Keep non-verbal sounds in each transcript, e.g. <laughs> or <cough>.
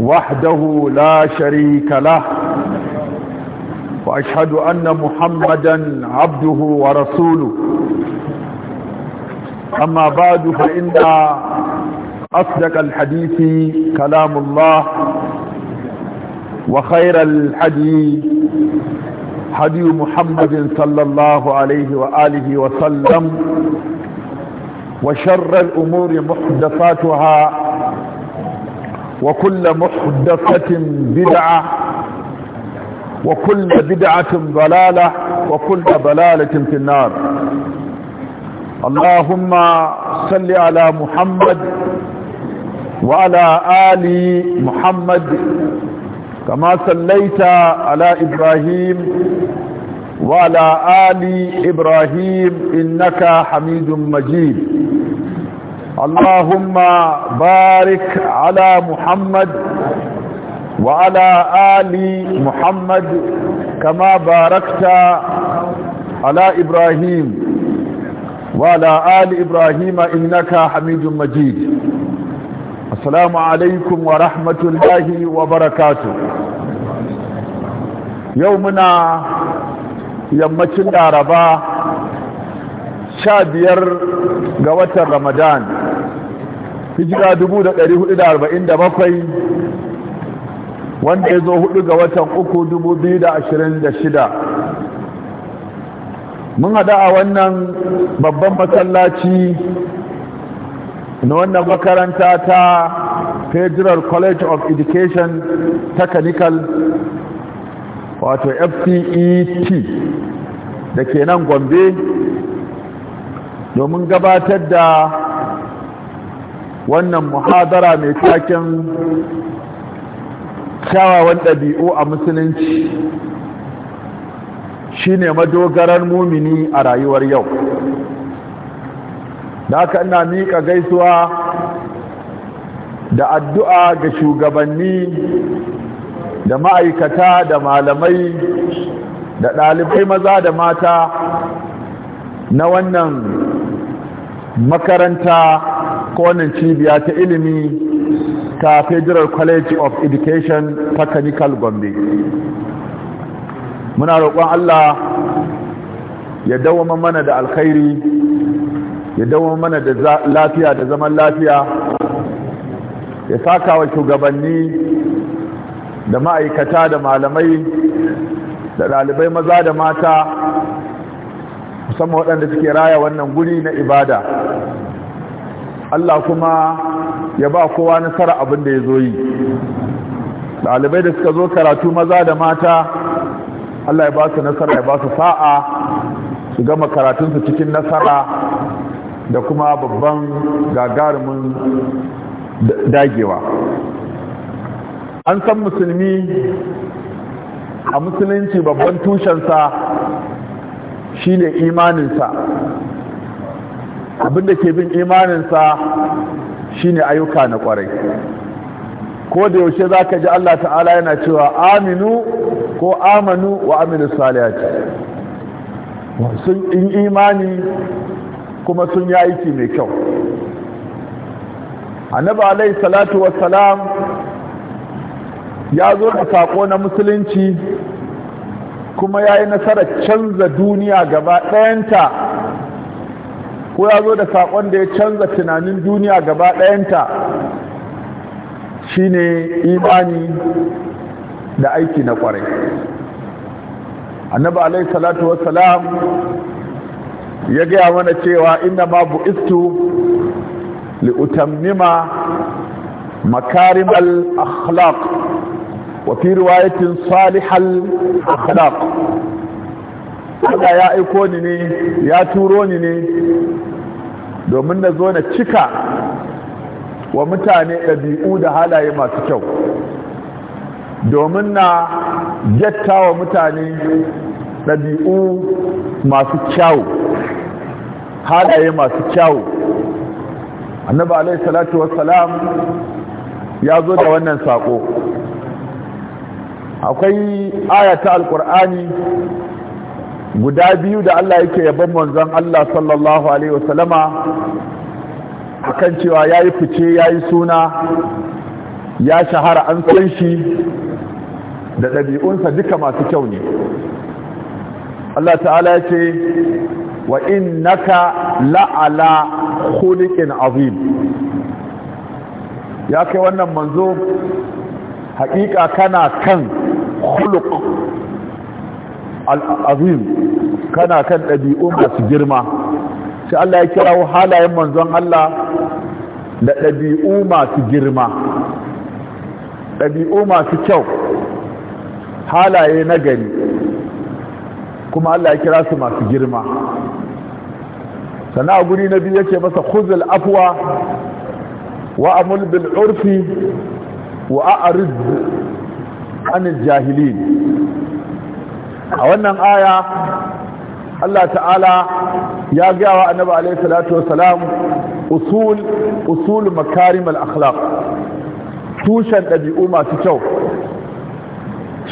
وحده لا شريك له وأشهد أن محمدا عبده ورسوله أما بعد فإن أصدق الحديث كلام الله وخير الحديث هدي محمد صلى الله عليه وآله وسلم وشر الأمور محدثاتها وكل محدثة بدعة وكل بدعة ضلالة وكل ضلالة في النار اللهم صل على محمد وعلى آل محمد كما صليت على إبراهيم وعلى آل إبراهيم إنك حميد مجيد اللهم بارك على محمد وعلى آل محمد كما باركت على إبراهيم وعلى آل إبراهيم إنك حميد مجيد السلام عليكم ورحمة الله وبركاته يومنا يمتن العرباء شادير قوة رمضان hijira bakwai wanda ya zo hudu ga watan uku dubu biyu da da ashirin shida. mun haɗu a wannan babban masallaci na wannan makaranta ta federal college of education technical wato fcet da ke nan gombe domin gabatar da wannan muhadara mai taken kyawawan ɗabi'u a musulunci shine madogaran mumini a rayuwar yau da aka ina miƙa gaisuwa da addu'a ga shugabanni da ma'aikata da malamai da ɗalibai maza da mata na wannan makaranta Kowanne wannan cibiya ta ilimi ta federal college of education kanikal gombe muna roƙon allah ya dawoma mana da alkhairi ya dawoma mana da lafiya da zaman lafiya ya saka wa shugabanni da ma'aikata da malamai da ɗalibai maza da mata musamman waɗanda suke raya wannan guri na ibada Allah kuma ya ba kowa nasara abin da ya zo yi ɗalibai da suka zo karatu maza da mata Allah ya ba su nasara ya ba su sa'a su gama karatunsu cikin nasara da kuma babban gagarumin dagewa an san musulmi a musulunci babban tushensa shi ne imaninsa abinda ke bin imaninsa shine ayyuka na kwarai ko da yaushe za ka ji Allah ta'ala yana cewa aminu ko amanu wa aminu saliyaci sun in imani kuma sun yi aiki mai kyau annabi alaihi salatu wassalam ya zo da saƙo na musulunci kuma ya yi nasarar canza duniya gaba ɗayanta ko ya zo da saƙon da ya canza tunanin duniya gaba ɗayanta shine imani da aiki na ƙwarai annabi alaihi salatu Salam ya gaya mana cewa inna ma istu, li'utammima makarim al-akhlaq wa fi riwayatin salihal akhlaq Allah ya aiko ni ne ya turo ni ne domin na zo na cika wa mutane ɗabi'u da halaye masu kyau domin na jatta wa mutane ɗabi'u masu kyau, halaye masu kyau. annabi alaihi salatu wassalam ya zo da wannan sako, akwai ayata Alkur'ani. guda biyu da Allah yake yabon manzon Allah sallallahu alaihi wasallama akan cewa yayi fice yayi suna ya shahara an san shi da ɗabi'unsa duka masu kyau ne Allah ta'ala ya ce wa innaka la'ala khuliqin azim ya kai wannan manzo hakika kana kan khuluq al'azim kana kan ɗabi'un masu girma shi Allah ya kira halayen manzon Allah da ɗabi'u masu girma ɗabi'u masu kyau halaye na gari kuma Allah ya kira su masu girma sana guri na biyu yake masa khuzul afwa wa amul bil urfi wa a'rid anil jahilin a wannan aya Allah ta'ala ya gaya wa annabi alaihi salatu wassalam usul usul makarim al-akhlaq tushen ɗabi'u masu kyau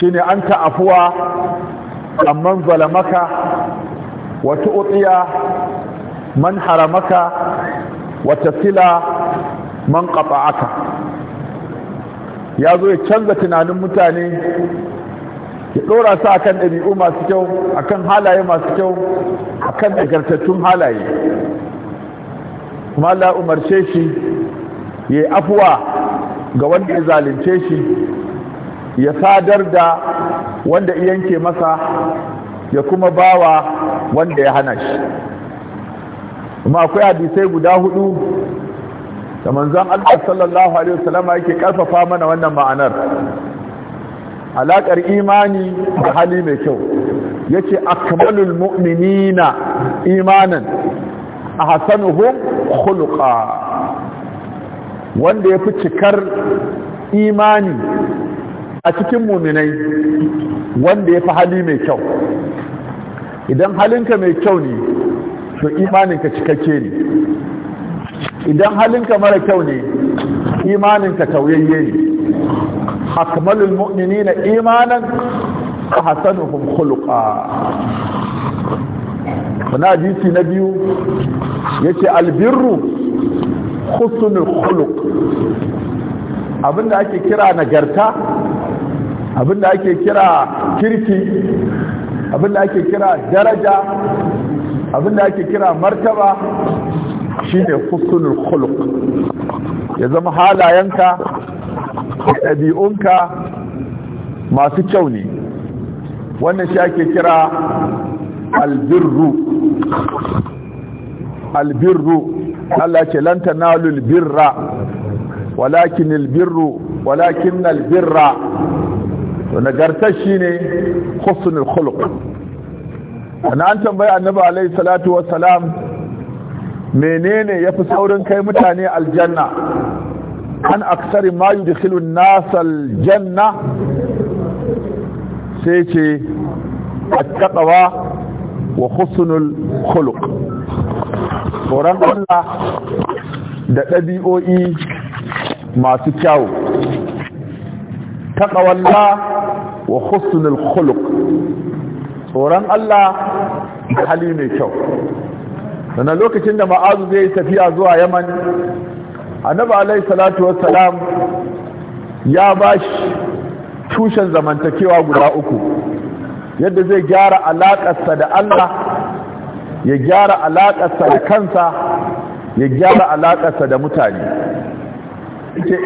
shine an ta'afuwa amman zalamaka wa tu'tiya man haramaka wa tasila man qata'aka yazo ya canza tunanin mutane ya ɗora su akan ɗabi'u masu kyau akan halaye masu kyau kan nagartattun halaye kuma Allah umarce shi ya afuwa ga wanda ya zalunce shi ya sadar da wanda yanke masa ya kuma bawa wanda ya hana shi kuma akwai hadisai guda hudu da manzon Allah sallallahu alaihi wasallama yake karfafa mana wannan ma'anar alaƙar imani da hali mai kyau yace imanin mu'minina imanan ahsanuhum khuluqa wanda ya fi cikar imani a cikin muminai wanda ya fi hali mai kyau idan halinka mai kyau ne to imaninka cikakke ne idan halinka mara kyau ne imaninka tauyayye ne akmalul mu'minina imanan hasanuhum khuluqa wannan na biyu yace albirru husnul khuluq abinda ake kira nagarta abinda ake kira kirki abinda ake kira daraja abinda ake kira martaba shine husnul khuluq ya zama halayenka ɗabi'unka masu kyau ne wannan shi ake kira albirru albirru Allah ce lan tanalul walakin albirru walakin albirra to nagartar shine husnul khuluq ana an tambayi annabi alayhi salatu salam menene yafi saurin kai mutane aljanna an aksari ma yi dukkanin nasar janna sai ce a kaɗawa wa husnul khuluq tsoron Allah da ɗabi'o'i masu kyawu taƙawalla wa husnul khuluq tsoron Allah da hali mai kyau sannan lokacin da ma'azu zai tafiya zuwa yaman annabi alaihi salatu wassalam ya bashi tushen zamantakewa guda uku yadda zai gyara alaƙarsa da Allah ya gyara alaƙarsa da kansa ya gyara alaƙarsa da mutane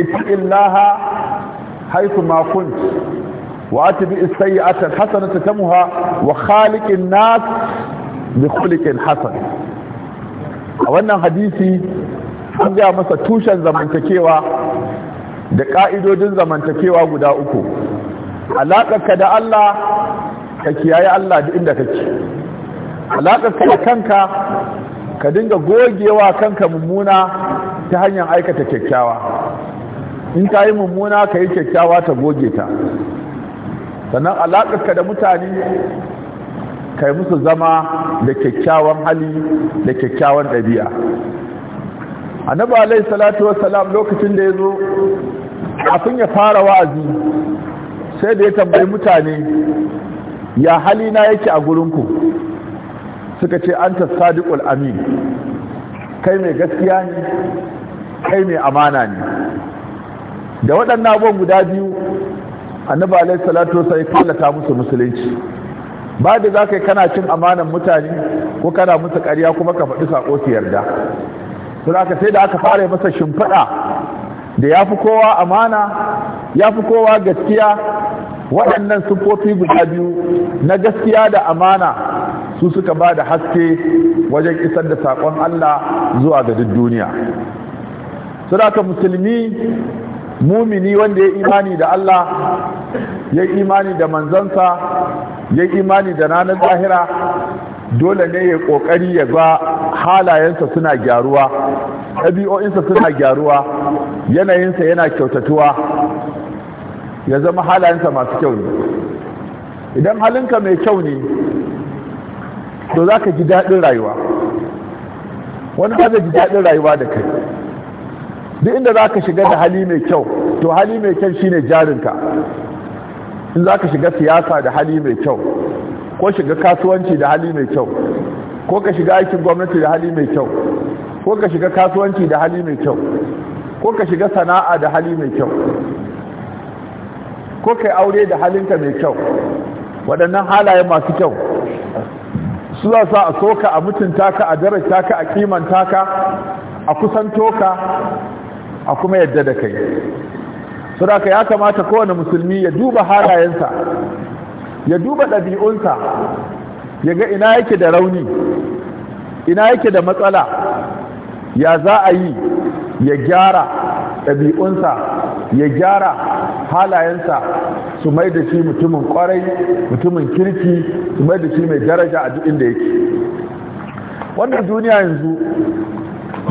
ita illaha haifu makunt wa atbi as-sayyi'ata hasanata tamuha wa khaliqin nas bi khuliqin hasan a wannan hadisi an gaya masa tushen zamantakewa da ƙa'idodin zamantakewa guda uku alaƙarka da Allah ka kiyaye Allah da inda kake alaƙarka da kanka ka dinga gogewa kanka mummuna ta hanyar aikata kyakkyawa in ka yi mummuna ka yi kyakkyawa ta goge ta sannan alaƙarka da mutane ka musu zama da kyakkyawan hali da kyakkyawan ɗabi'a annabi alayhi salatu wassalam lokacin da ya zo kafin ya fara wa'azi sai da ya tambayi mutane ya halina yake a gurinku suka ce anta ta sadiqul amin kai mai gaskiya ne kai mai amana ne da waɗannan abubuwan guda biyu annabi alaihi salatu wassalam ya kallata musu musulunci ba da za kana cin amanan mutane ko kana musu ƙarya kuma ka faɗi saƙo su yarda don haka sai da aka fara masa shimfiɗa da ya fi kowa amana ya fi kowa gaskiya waɗannan siffofi guda biyu na gaskiya da amana su suka ba da haske wajen isar da saƙon Allah zuwa ga duk duniya saboda musulmi mumini wanda ya imani da Allah ya imani da manzansa ya imani da ranar zahira dole ne ya kokari ya ga halayensa suna gyaruwa ɗabi'o'insa suna gyaruwa yanayinsa yana kyautatuwa ya zama halayensa masu kyau ne idan halinka mai kyau ne to za ka ji daɗin rayuwa wani ba zai ji daɗin rayuwa da kai duk inda za ka shiga da hali mai kyau to hali mai kyau shine jarinka in za ka shiga siyasa da hali mai kyau ko shiga kasuwanci da hali mai kyau ko ka shiga aikin gwamnati da hali mai kyau ko ka shiga kasuwanci da hali mai kyau ko ka shiga sana'a da hali mai kyau ko kai aure da halinka mai kyau waɗannan halaye masu kyau su za su a soka a mutunta ka a darajta ka a kimanta ka a kusanto ka a kuma yadda da kai saboda ya kamata kowane musulmi ya duba halayensa ya duba ɗabi'unsa ya ga ina yake da rauni ina yake da matsala ya za a yi ya gyara ɗabi'unsa ya gyara halayensa su mai da shi mutumin kwarai mutumin kirki su mai da shi mai daraja a duk inda yake wannan duniya yanzu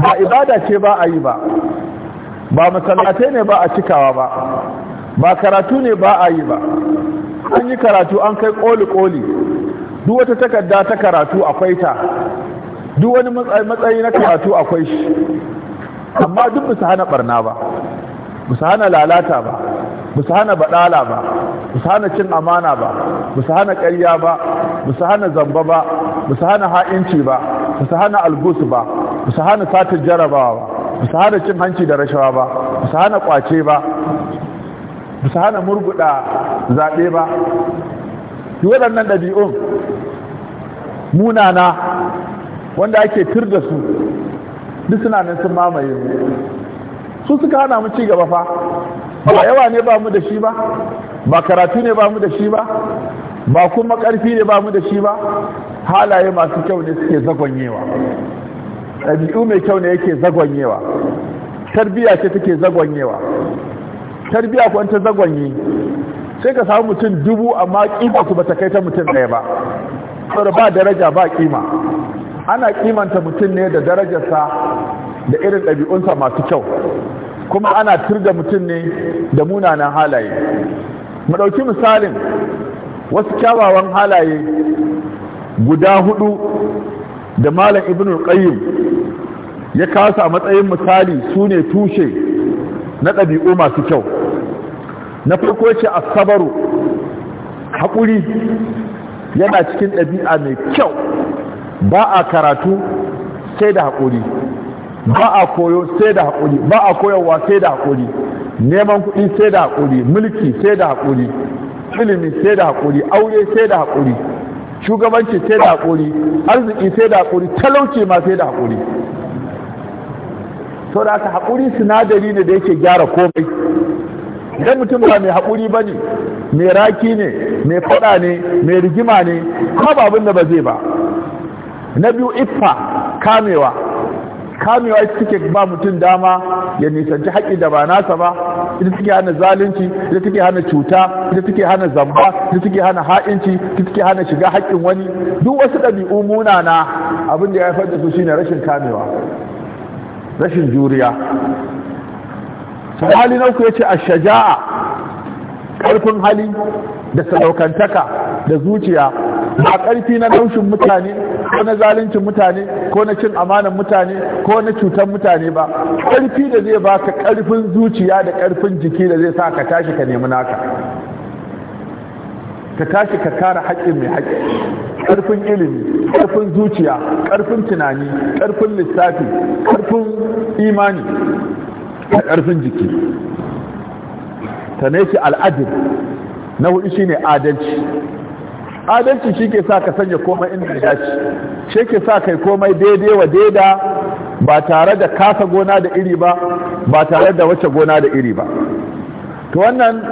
ba ibada ce ba a yi ba ba masallatai ne ba a cikawa ba ba karatu ne ba a yi ba an yi karatu an kai koli-koli duk wata takarda ta karatu akwai ta duk wani matsayi na karatu akwai shi amma duk bisa hana barna ba bisa hana lalata ba bisa hana baɗala ba bisa hana cin amana ba bisa hana ƙarya ba bisa hana zamba ba bisa hana ha'inci ba bisa hana algus ba bisa hana satin jarabawa ba bisa hana cin hanci da rashawa ba bisa hana kwace ba ba su hana murguɗa zaɓe ba Yi waɗannan ɗabi'un munana wanda ake tur da su duk suna nan sun mamaye su suka hana mu ci gaba fa ba yawa ne ba mu da shi ba ba karatu ne ba mu da shi ba ba kuma ƙarfi ne ba mu da shi ba halaye masu kyau ne suke zagonyewa ɗabi'u mai kyau ne yake zagonyewa tarbiyya ce take zagonyewa tarbiya ko ta zagwanye sai ka samu mutum dubu amma kima ku bata kai ta mutum ɗaya ba saboda ba daraja ba kima ana kimanta mutum ne da darajarsa da irin ɗabi'unsa masu kyau kuma ana turda mutum ne da munanan halaye mu ɗauki misalin wasu kyawawan halaye guda hudu da malam ibnul qayyim ya kasa matsayin misali su ne tushe na ɗabi'u masu kyau na farko ce sabaru, haƙuri yana cikin ɗabi'a mai kyau ba a karatu sai da haƙuri ba a koyo sai da haƙuri ba a koyarwa sai da haƙuri neman kuɗi sai da haƙuri mulki sai da haƙuri ilimi sai da haƙuri aure sai da haƙuri shugabanci sai da haƙuri arziki sai da haƙuri talauci ma sai da haƙuri sau da aka haƙuri sinadari ne da yake gyara komai idan mutum ba mai haƙuri ba ne mai raki ne mai faɗa ne mai rigima ne ko ba abin da ba zai ba na biyu iffa kamewa kamewa ita take ba mutum dama ya nisanci haƙƙi da ba nasa ba ita take hana zalunci ita take hana cuta ita take hana zamba ita take hana ha'inci ita take hana shiga haƙƙin wani duk wasu ɗabi'u munana abin da ya haifar da su shine rashin kamewa rashin juriya hali na uku yace a shajaa ƙarfin hali da sadaukantaka da zuciya ba ƙarfi na naushin mutane ko na zaluncin mutane ko na cin amanan mutane ko na cutan mutane ba karfi da zai baka karfin zuciya da karfin jiki da zai sa ka tashi ka nemi naka ka tashi ka kare haƙƙin mai haƙƙi ƙarfin ilimi ƙarfin zuciya ƙarfin tunani ƙarfin lissafi ƙarfin imani da ƙarfin jiki ne shi na hudu shine adalci adalci shi ke sa ka sanya komai inda ya dace shi ke sa kai komai daidai wa daida ba tare da kasa gona da iri ba ba tare da wacce gona da iri ba to wannan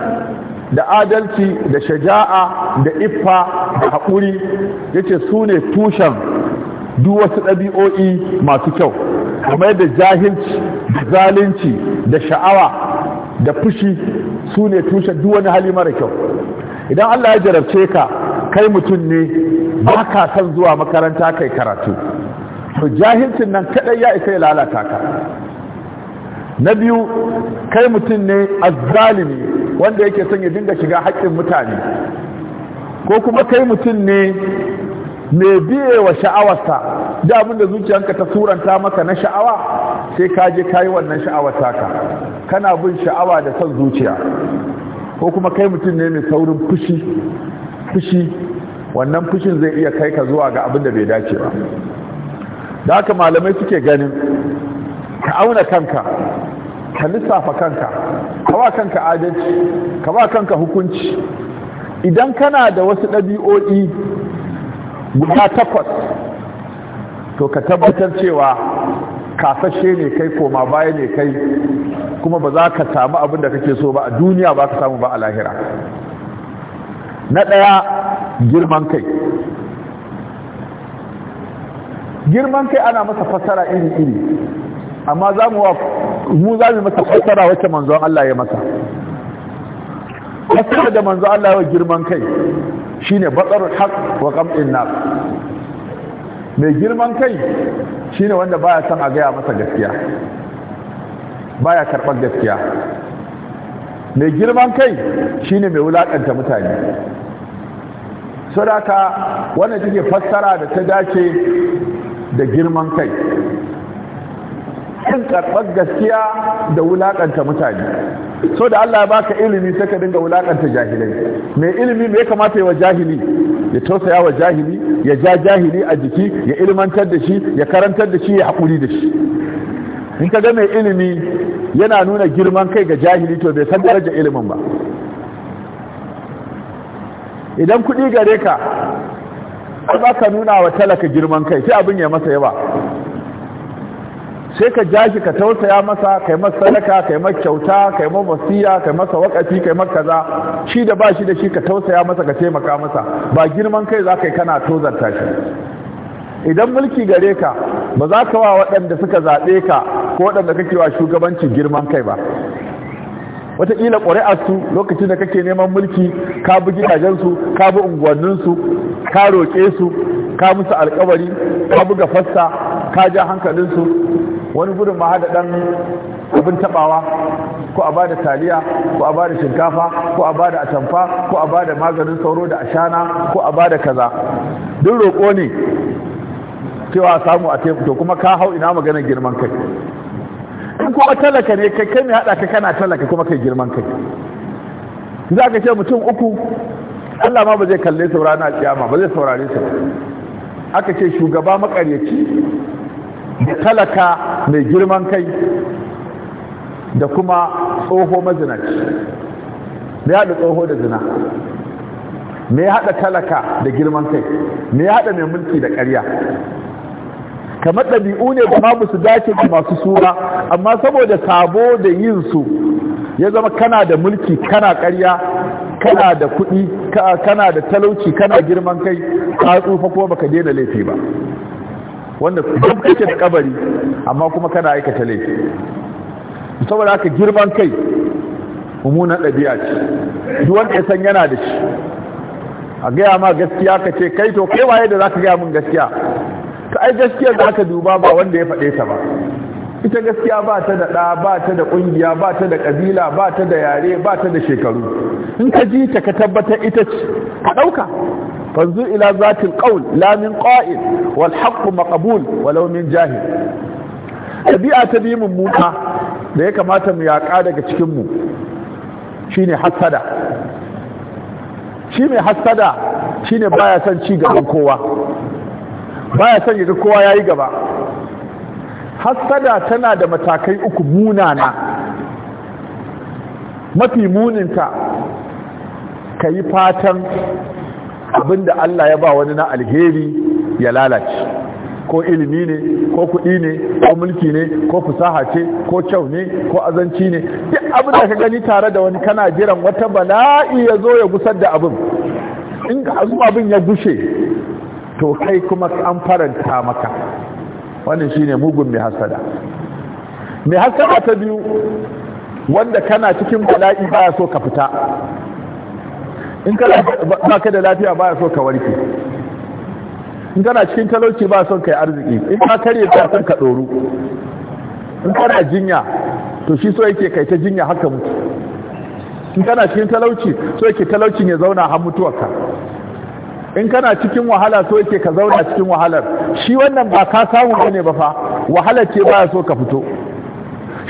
da adalci da shaja'a da iffa da haƙuri yace su ne tushen duk wasu ɗabi'o'i masu kyau kamar da jahilci da zalunci da sha'awa da fushi su ne tushen duk wani hali mara kyau idan Allah ya jarabce ka kai mutum ne ba ka san zuwa makaranta kai karatu to jahilcin nan kadai ya isa ya lalata ka na biyu kai mutum ne azzalimi wanda yake son ya dinga shiga haƙƙin mutane ko kuma kai mutum ne mai biye wa sha'awarsa da abin da zuciyanka ta suranta maka na sha'awa sai ka je ka wannan sha'awa taka kana bin sha'awa da san zuciya ko kuma kai mutum ne mai saurin fushi fushi wannan fushin zai iya kai ka zuwa ga abin da bai dace ba da haka malamai suke ganin ka auna kanka ka lissafa kanka ka ba kanka adalci ka ba kanka hukunci idan kana da wasu ɗabi'o'i guda takwas to ka tabbatar cewa kasashe ne kai koma baya ne kai kuma ba za ka samu abin da kake so ba a duniya ba ka samu ba a lahira na ɗaya girman kai girman kai ana masa fassara iri-iri amma za mu wa mu za mu masa fassara wacce manzon Allah ya masa fassara da manzon Allah ya girman kai shine batsarul haq wa qam'in nas mai girman kai shine wanda baya son a gaya masa gaskiya baya karɓar gaskiya mai girman kai shine mai wulaƙanta mutane saboda wanda wannan take fassara da ta dace da girman kai kan karɓar gaskiya da wulaƙanta mutane so da Allah ya ka ilimi sai ka dinga wulaƙanta jahilai mai ilimi me ya kamata yi wa jahili ya tausaya wa jahili ya ja jahili a jiki ya ilimantar da shi ya karantar da shi ya haƙuri da shi in ka ga mai ilimi yana nuna girman kai ga jahili to bai san daraja ilimin ba idan kuɗi gare ka ba ka nuna wa talaka girman kai sai abin ya masa yawa sai ka ja shi ka tausaya masa kai masa sadaka kai masa kyauta kai masa wasiya kai masa wakafi kai masa kaza shi da ba shi da shi ka tausaya masa ka taimaka masa ba girman kai za ka yi kana tozarta shi idan mulki gare ka ba za ka wa waɗanda suka zaɓe ka ko waɗanda kake wa shugabanci girman kai ba wataƙila ƙuri'arsu lokacin da kake neman mulki ka bi gidajensu ka bi unguwanninsu ka roƙe su ka musu alƙawari ka buga fassa ka ja hankalinsu wani gudun ma hada dan abin tabawa ko a bada taliya ko a bada shinkafa ko a bada atamfa ko a bada maganin sauro da ashana ko a bada kaza duk roƙo ne cewa samu a teku to kuma ka hau ina maganar girman kai in kuma talaka ne kai kai mai hada ka kana talaka kuma kai girman kai za ka ce mutum uku Allah ma ba zai kalle su rana kiyama ba zai saurare su aka ce shugaba makaryaci da talaka mai girman kai da kuma tsoho mazinaci me haɗa tsoho da zina me ya haɗa talaka da girman kai me ya haɗa mai mulki da ƙarya kamar ɗabi'u ne da ma su dace da masu sura amma saboda sabo da yin su ya zama kana da mulki kana ƙarya kana da kuɗi kana da talauci kana girman kai ka tsufa ko baka daina laifi ba wanda duk kake da kabari amma kuma kana aikata laifi saboda haka girman kai mummunan ɗabi'a ce duk wanda ya san yana da shi a gaya ma gaskiya ka ce kai to kai waye da zaka gaya min gaskiya ka ai gaskiyar da aka duba ba wanda ya faɗe ta ba ita gaskiya ba ta da ɗa ba ta da ƙungiya ba ta da ƙabila ba ta da yare ba ta da shekaru in ka ji ta ka tabbatar ita ce ka ɗauka fanzu ila zatin ƙaun la min qa'il wal haqq maqbul walau min jahil ɗabi'a ta bi mummuna da ya kamata mu yaƙa daga cikin mu shine hasada shi mai hasada shine baya son ci gaban kowa baya son yaga kowa yayi gaba hassada tana da matakai uku munana mafi muninta ka yi fatan abinda Allah ya ba wani na alheri ya lalace ko ilimi ne ko kuɗi ne ko mulki ne ko fusaha ce ko kyau ne ko azanci ne duk abin da ka gani tare da wani kana jiran wata bala'i ya zo ya gusar da abin in ka abin ya gushe to kai kuma an faranta maka Wani shine mugun mai hasada mai hasada ta biyu wanda kana cikin bala'i baya so ka fita in kana baka da lafiya baya so ka warke in kana cikin talauci ba ka kai arziki in ka kare ta sun ka doru in kana jinya to shi so yake kai ta jinya haka mutu in kana cikin talauci so yake talaucin ya zauna har mutuwarka in kana cikin wahala so yake ka zauna cikin wahalar shi wannan ba ka samu ne ba fa wahalar ce baya so ka fito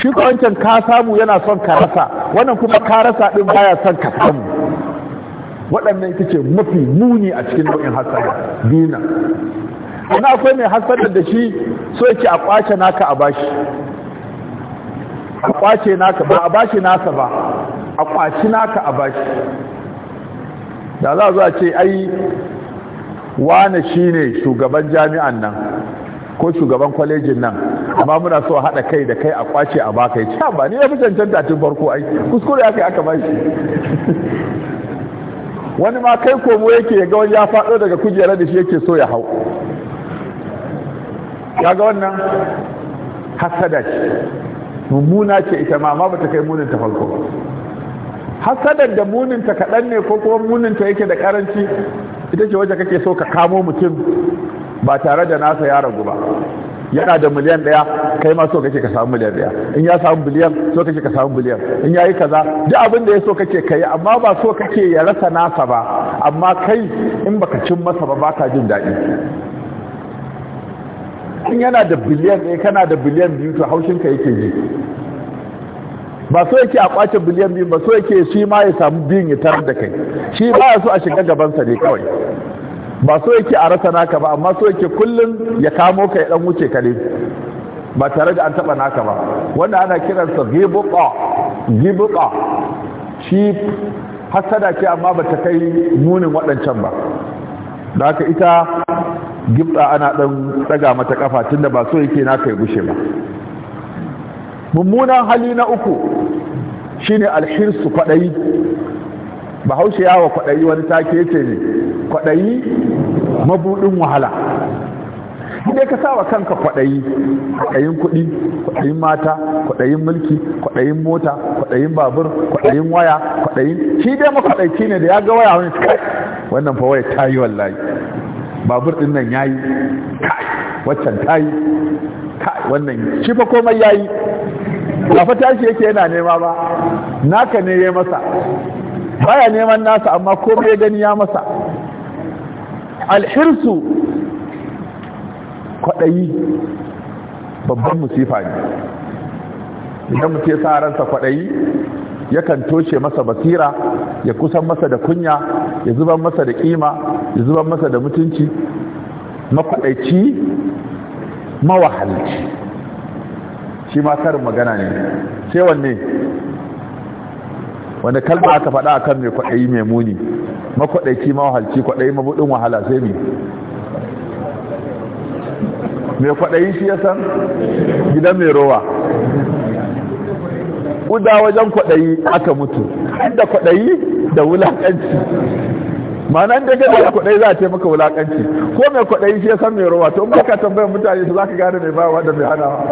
shi ko wancan ka samu yana son ka rasa wannan kuma ka rasa din baya son ka samu waɗannan ita ce mafi muni a cikin nau'in hasada dina ina akwai mai hasada da shi so yake a kwace naka a bashi a kwace naka ba a bashi nasa ba a kwaci naka a bashi da za a ce ai wane shine shugaban jami'an nan ko shugaban kwalejin nan amma muna so a haɗa kai da kai a kwace a baka ya ce ba ni ya fi cancanta tun farko ai kuskure aka aka ba shi wani ma kai komo yake ga wani ya faɗo daga kujerar da shi yake so ya hau ya ga wannan hasada ce mummuna ce ita ma amma bata kai munin ta farko hasadar da muninta kaɗan ne ko kuma muninta yake da ƙaranci ita ce wacce kake so ka kamo mutum ba tare da nasa ya ragu ba yana da miliyan daya kai ma so kake ka samu miliyan daya in ya samu biliyan so kake ka samu biliyan in ya yi kaza duk abin da ya so kake kai amma ba so kake ya rasa nasa ba amma kai in baka cin masa ba baka jin daɗi in yana da biliyan ɗaya kana da biliyan biyu to haushinka yake ji ba so yake a kwace biliyan biyu ba so yake shi ma ya samu biyun ya tarar da kai shi ba ya so a shiga gabansa ne kawai ba so yake a rasa naka ba amma so yake kullum ya kamo ka ya dan wuce ka ne ba tare da an taba naka ba wanda ana kiransa gibuka gibuka shi hasada ke amma ba ta kai munin waɗancan ba da haka ita gibda ana ɗan ɗaga mata kafa tunda ba so yake naka ya gushe ba mummunan hali na uku shine alhirsu kwaɗayi bahaushe yawa kwaɗayi wani take ce ne kwaɗayi mabuɗin wahala dai ka sa wa kanka kwaɗayi kwaɗayin kuɗi kwaɗayin mata kwaɗayin mulki kwaɗayin mota kwaɗayin babur kwaɗayin waya kwaɗayin shi dai makwaɗaici ne da ya ga waya wani kai wannan fa waya ta yi wallahi babur ɗin nan ya yi kai waccan ta yi kai wannan shi fa komai ya yi ba fa shi yake yana nema ba naka ne ya masa baya neman nasa amma komai ya gani ya masa alhirsu kwaɗayi babban musifa ne idan mutu ya sa ransa kwaɗayi yakan toshe masa basira ya kusan masa da kunya ya zuban masa da ƙima, ya zuban masa da mutunci makwaɗaici mawahalci shi ma karin magana ne sai wanne wanda kalma aka faɗa akan mai kwaɗayi mai muni makwaɗaiki mawahalci kwaɗayi mabuɗin wahala sai mi mai kwaɗayi shi ya san gidan mai rowa ƙuda wajen kwaɗayi aka mutu da kwaɗayi da wulaƙanci ma'ana da gaba da za a ce maka wulakanci ko mai kwaɗayi shi ya san mai rowa to in baka tambayar mutane su ka gane mai bawa da mai hanawa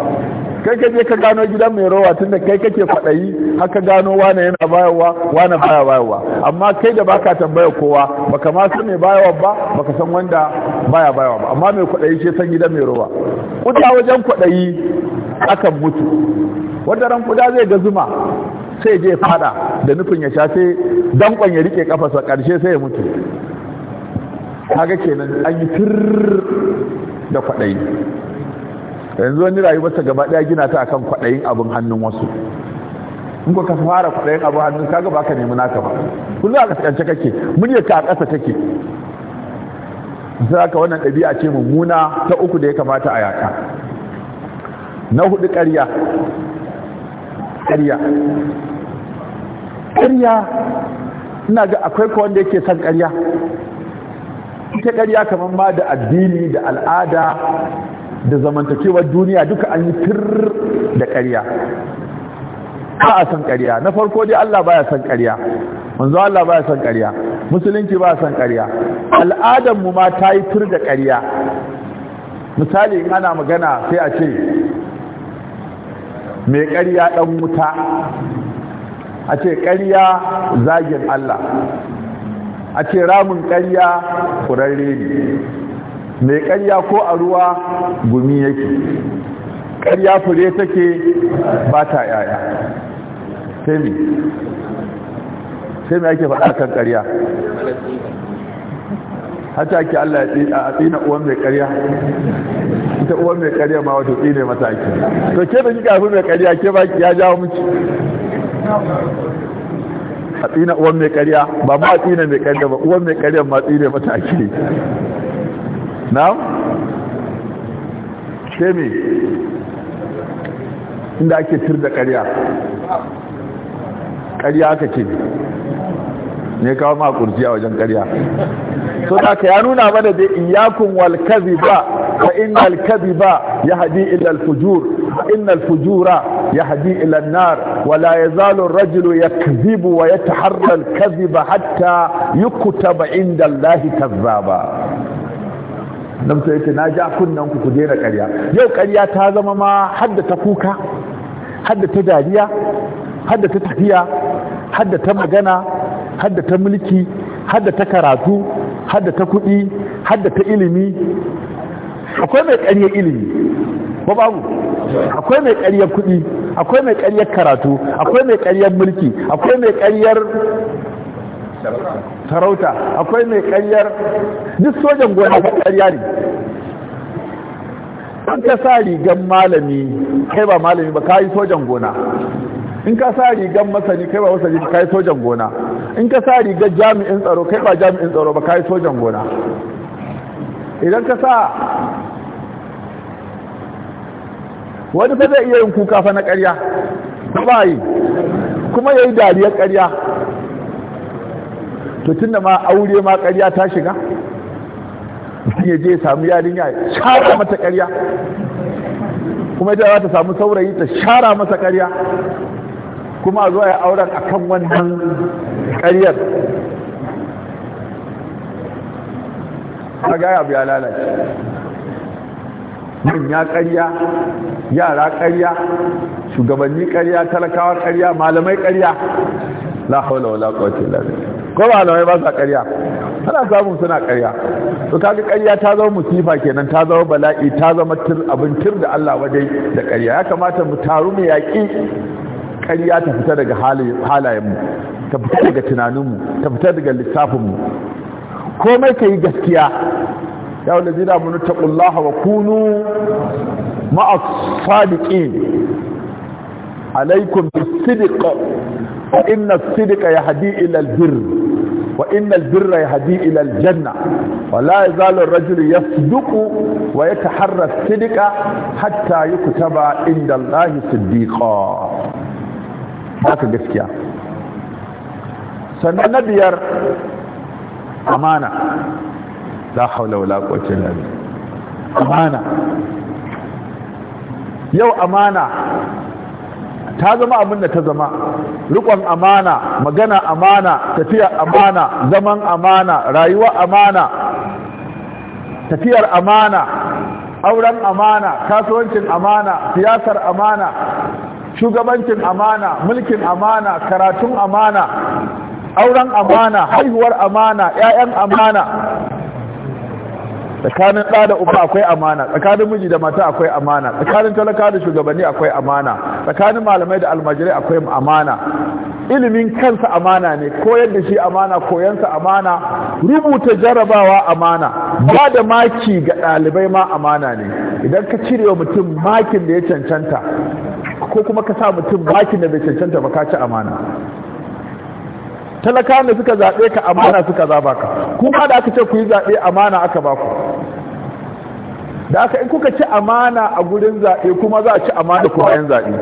kai ka je ka gano gidan mai rawa tunda kai kake kwaɗayi haka gano wane yana bayarwa wane baya bayarwa amma kai da baka tambaya kowa baka ma san mai bayarwa ba baka san wanda baya bayarwa ba amma mai kwaɗayi ce san gidan mai rawa. kuda wajen kwaɗayi akan mutu wanda ran kuda zai ga zuma sai je faɗa da nufin ya sha sai dankon ya rike kafasa karshe sai ya mutu kaga kenan an yi tur da kwaɗayi yanzu wani rayuwarsa gaba daya gina ta akan kwaɗayin abin hannun wasu in ka fara kwaɗayin abin hannun ka ga ka nemi naka ba kun za ka tsance kake muryar ka a ƙasa take za ka wannan ɗabi'a ce mummuna ta uku da ya kamata a yaka na hudu ƙarya ƙarya ƙarya ina ga akwai ko wanda yake son ƙarya ita ƙarya kamar ma da addini da al'ada da zamantakewar duniya duka an yi tir da ƙarya ba a san ƙarya na farko dai Allah baya san ƙarya manzo Allah baya san ƙarya musulunci baya san ƙarya al'adar mu ma ta yi tir da ƙarya misali in ana magana sai a ce mai ƙarya ɗan wuta a ce ƙarya zagin Allah a ce ramin ƙarya kurarre ne mai karya ko a ruwa gumi yake Karya fure take ba ta yaya sai mai ake faɗa kan karya hata ake Allah a tsina uwan mai karya. ita uwan mai karya ma wato tsine mataki to ke da kika mai karya, ke ba ya jawo miki a tsina uwan mai karya, ba ma a tsina mai karya ba uwan mai karya ma tsine mataki na'am sai me inda ake tir da ƙarya ƙarya aka ce ne kawo ma kurciya wajen ƙarya so da ka ya nuna mana da iyakun wal kadhiba fa innal ya yahdi ila al fujur innal ya yahdi ila nar Wala ya zalo ar ya kazibu wa yataharra al kadhiba hatta ba inda Allah zaba. namta yake na ja kunnan ku ku daina ƙarya yau ƙarya ta zama ma hadda ta kuka hadda ta dariya hadda ta tafiya hadda ta magana hadda ta mulki hadda ta karatu hadda ta kuɗi hadda ta ilimi akwai mai ƙarya ilimi ba babu akwai mai ƙarya kuɗi akwai mai ƙaryar karatu akwai mai ƙaryar mulki akwai mai ƙaryar sarauta akwai mai karyar duk sojan gona ta karya ne in ka sa rigan malami kai ba malami ba kayi sojan gona in ka sa rigan masani kai ba masani ba kayi sojan gona in ka sa rigar jami'in tsaro kai ba jami'in tsaro ba kayi sojan gona idan ka sa wani fa zai iya yin kuka fa na karya ba yi kuma ya yi dariyar karya to da ma aure ma karya ta shiga ya je samu yarinya ya shara mata ƙarya kuma ita za ta samu saurayi ta shara masa ƙarya kuma zuwa ya auren kan wannan ƙaryar kaga abu ya lalace manya karya yara karya shugabanni karya talakawa karya malamai karya la haula wala quwwata illa billah ko malamai ba sa ƙarya ana samun suna ƙarya to kaga ƙarya ta zama musifa kenan ta zama bala'i ta zama tir abin tir da Allah wadai da ƙarya ya kamata mu taru mu yaƙi ƙarya ta fita daga halayen mu ta fita daga tunanin mu ta fita daga lissafin mu komai kai gaskiya ya wallazina mun kullaha wa kunu ma'as sadiqin alaikum bisidiq inna sidqa yahdi ila al وان البر يهدي الى الجنه ولا يزال الرجل يصدق ويتحرى الصدق حتى يكتب عند الله صديقا هذا غسكيا سنن بيار امانه لا حول ولا قوه الا بالله امانه يو امانه تزما ابن تزما riƙon amana magana amana tafiyar amana zaman amana rayuwa amana tafiyar amana auren amana kasuwancin amana siyasar amana shugabancin amana mulkin amana karatun amana auren amana haihuwar amana 'ya'yan amana tsakanin ɗa da uba akwai amana tsakanin miji da mata akwai amana tsakanin talaka da shugabanni akwai amana tsakanin malamai da almajirai akwai amana ilimin kansa amana ne koyar da shi amana koyansa amana rubuta jarabawa amana ba da maki ga ɗalibai ma amana ne idan ka cire wa mutum makin da ya cancanta ko kuma ka sa mutum makin da bai cancanta ba ka ci amana talaka ne suka zaɓe ka amana suka zaba ka kuma da aka ce ku yi zaɓe amana aka ba ku da aka in kuka ci amana a gurin zaɓe kuma za a ci amana kuma yan zaɓe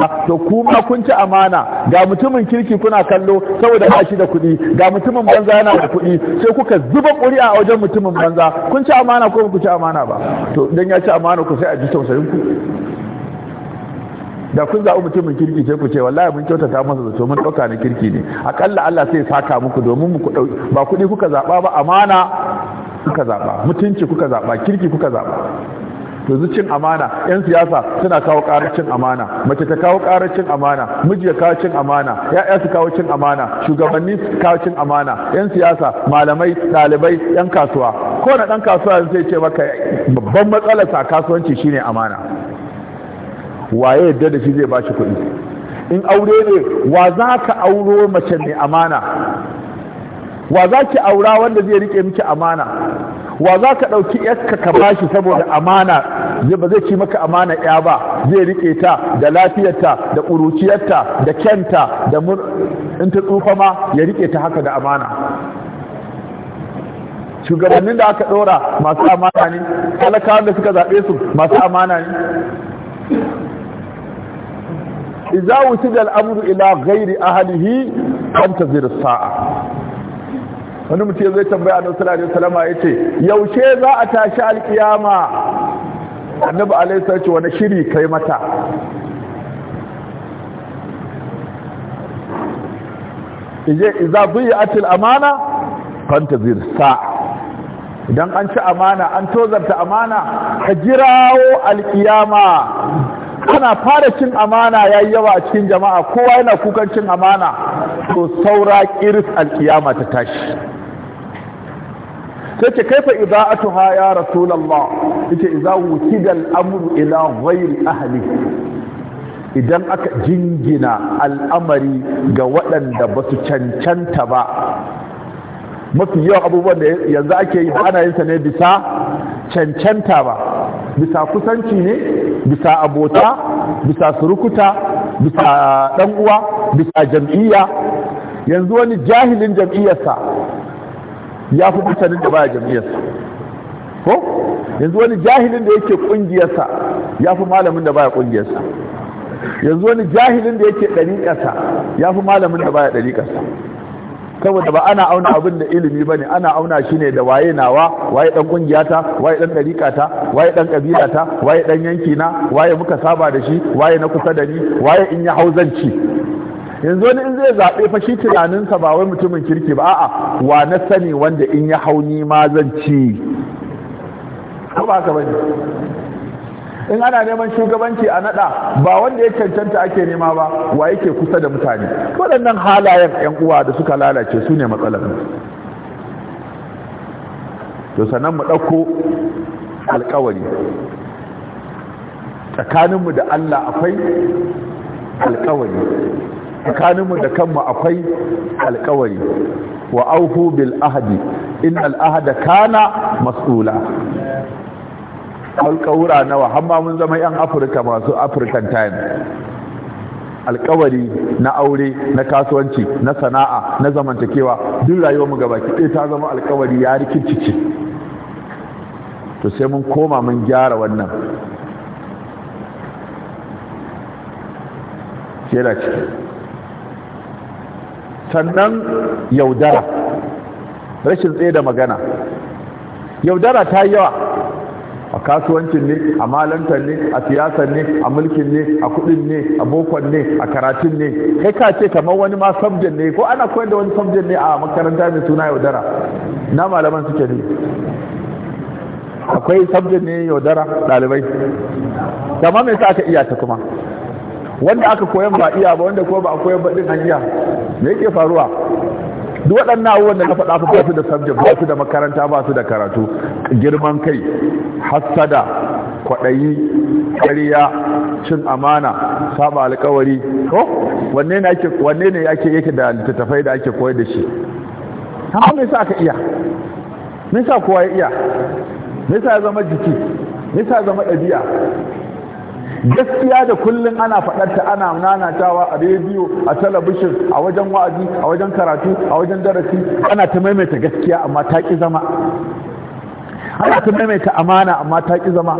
ah, to kuma kun ci amana ga mutumin kirki kuna kallo saboda ba shi da kuɗi ga mutumin banza yana da kuɗi sai kuka zuba ƙuri'a a wajen mutumin banza kun ci amana ko ku ci amana ba to idan ya ci amana ku sai a ji tausayin ku da kun zaɓi mutumin kirki sai ku ce wallahi mun kyautata masa zato mun ɗauka na kirki ne akalla Allah sai saka muku domin muku ɗauki ba kuɗi kuka zaɓa ba amana kuka zaɓa mutunci kuka zaɓa kirki kuka zaɓa yanzu cin amana yan siyasa suna kawo ƙarancin amana mace ta kawo ƙarancin amana miji ya kawo cin amana ya'ya su kawo cin amana shugabanni su kawo cin amana yan siyasa malamai ɗalibai yan kasuwa kowane ɗan kasuwa zai ce maka babban matsalar kasuwanci shine amana waye yadda da shi zai ba shi kuɗi in aure ne wa za ka auro mace mai amana wa za ki aura wanda zai rike miki amana wa za ka ɗauki yarka ka ba shi saboda amana zai ba zai ci maka amana ya ba zai rike ta da lafiyarta da ƙuruciyarta da kyanta da in ta tsufa ma ya rike ta haka da amana shugabannin da aka ɗora masu amana ne talakawan da suka zaɓe su masu amana ne idza wutida al-amru ila ghairi ahlihi fantazir as-sa'a wani mutum zai tambaya annabi sallallahu alaihi wasallam yace yaushe za a tashi alkiyama annabi alaihi salatu wani shiri kai mata ije idza biyat al-amana fantazir as-sa'a idan an ci amana an tozarta amana ka jirawo alkiyama ana fara cin amana ya yi yawa a cikin jama'a kowa yana kukan cin amana to saura kiris alkiyama ta tashi sai ce kaifa idza'atuha ya rasulullah yace idza wukida al-amru ila ghairi ahli idan aka jingina al'amari ga waɗanda ba su cancanta ba mafi yawan abubuwan da yanzu ake yi ba ana yin sa ne bisa cancanta ba bisa kusanci ne bisa abota bisa surukuta bisa ɗan uwa bisa jam'iyya yanzu wani jahilin jam'iyyarsa ya fi mutanen da baya jam'iyyarsa ko yanzu wani jahilin da yake ƙungiyarsa ya fi malamin da baya ƙungiyarsa yanzu wani jahilin da yake ɗariƙarsa ya fi malamin da baya ɗariƙarsa saboda ba ana auna abin da ilimi ba ne ana auna shi ne da waye nawa waye dan ƙungiyata, waye dan ta waye dan ƙabilata waye ɗan yanki na, waye muka saba da shi waye na kusa da ni waye in ya hauzanci yanzu wani in zai zaɓe fa shi tunaninsa ba wai mutumin kirki ba a'a wa na sani wanda in ya hauni ma zan ci ba ka bane in ana neman shugabanci a nada ba wanda ya cancanta ake nema ba wa yake kusa da mutane waɗannan halayen yan uwa da suka lalace su ne matsalar to sannan mu ɗauko alkawari tsakaninmu da Allah akwai alkawari tsakaninmu da kanmu akwai alkawari wa auhu bil ahadi, in al kana mas'ula alƙawura nawa hamma mun zama 'yan afirka masu african time alƙawari na aure na kasuwanci na sana'a na zamantakewa duk rayuwar mu gaba kiɗe ta zama alƙawari ya rikicici to sai mun koma mun gyara wannan ciki sannan yaudara rashin tsaye da magana yaudara ta yawa a kasuwancin ne a malantar ne a siyasar ne a mulkin ne a kudin ne a bokon ne a karatun ne kai ka ce kamar wani ma subject ne ko ana koyar da wani subject ne a makaranta mai suna yaudara na malaman suke ne akwai subject ne yaudara ɗalibai kama mai sa aka iya ta kuma wanda aka koyan ba iya ba wanda ko ba a koyan ba din hanya me yake faruwa duk waɗannan abubuwan da na faɗa ba su da subject ba su da makaranta ba su da karatu girman kai hassada kwaɗayi ƙarya cin amana saba alƙawari ko wanne ne yake wanne ne yake yake da littattafai da ake koyar da shi amma me yasa ka iya me yasa kowa ya iya me yasa ya zama jiki me yasa ya zama ɗabi'a gaskiya da kullum ana faɗarta ana nanatawa a rediyo a talabishin a wajen wa'azi a wajen karatu a wajen darasi ana ta maimaita gaskiya amma ta ƙi zama ana ta maimaita amana amma ta ƙi zama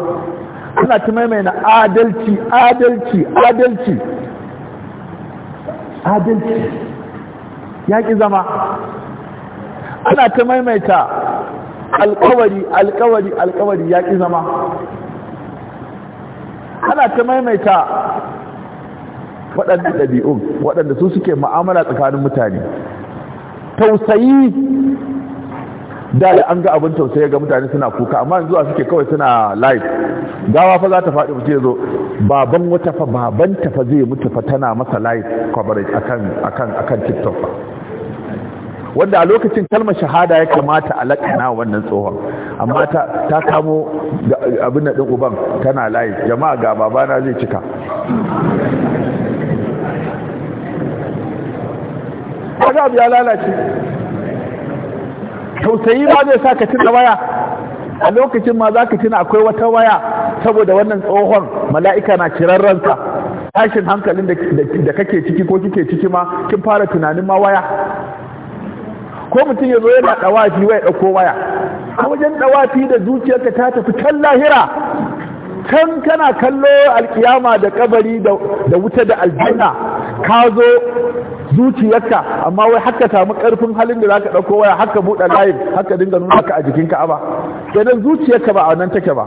ana ta maimaita adalci adalci adalci adalci ya ƙi zama ana ta maimaita alƙawari alƙawari alƙawari ya ƙi zama ana ta maimaita waɗanda ɗabi'un waɗanda su suke ma'amala tsakanin mutane tausayi da da an ga abin tausayi ga mutane suna kuka amma zuwa suke kawai suna live gawa fa za ta faɗi mutu ya zo baban wata fa baban ta fa zai mutu fa tana masa live coverage akan akan akan tiktok wanda a lokacin kalmar shahada ya kamata a laƙana wannan tsohon amma ta kamo abin da uban tana layi jama'a ga babana zai cika azab ya lalace tausayi ba zai sa ka tuna waya a lokacin ma za ka tuna akwai wata waya saboda wannan tsohon mala'ika na cirarrenka. tashin hankalin da kake ciki ko kike ciki ma kin fara tunanin ma waya ko mutum ya zo yana ɗawafi wai ɗauko waya a wajen ɗawafi da zuciyarka ta tafi kan lahira can kana kallo alkiyama da kabari da wuta da aljanna ka zo zuciyarka amma wai haka samu karfin halin da zaka ɗauko waya haka buɗe layin haka dinga nuna ka a jikin ka'aba Idan zuciyarka ba a nan take ba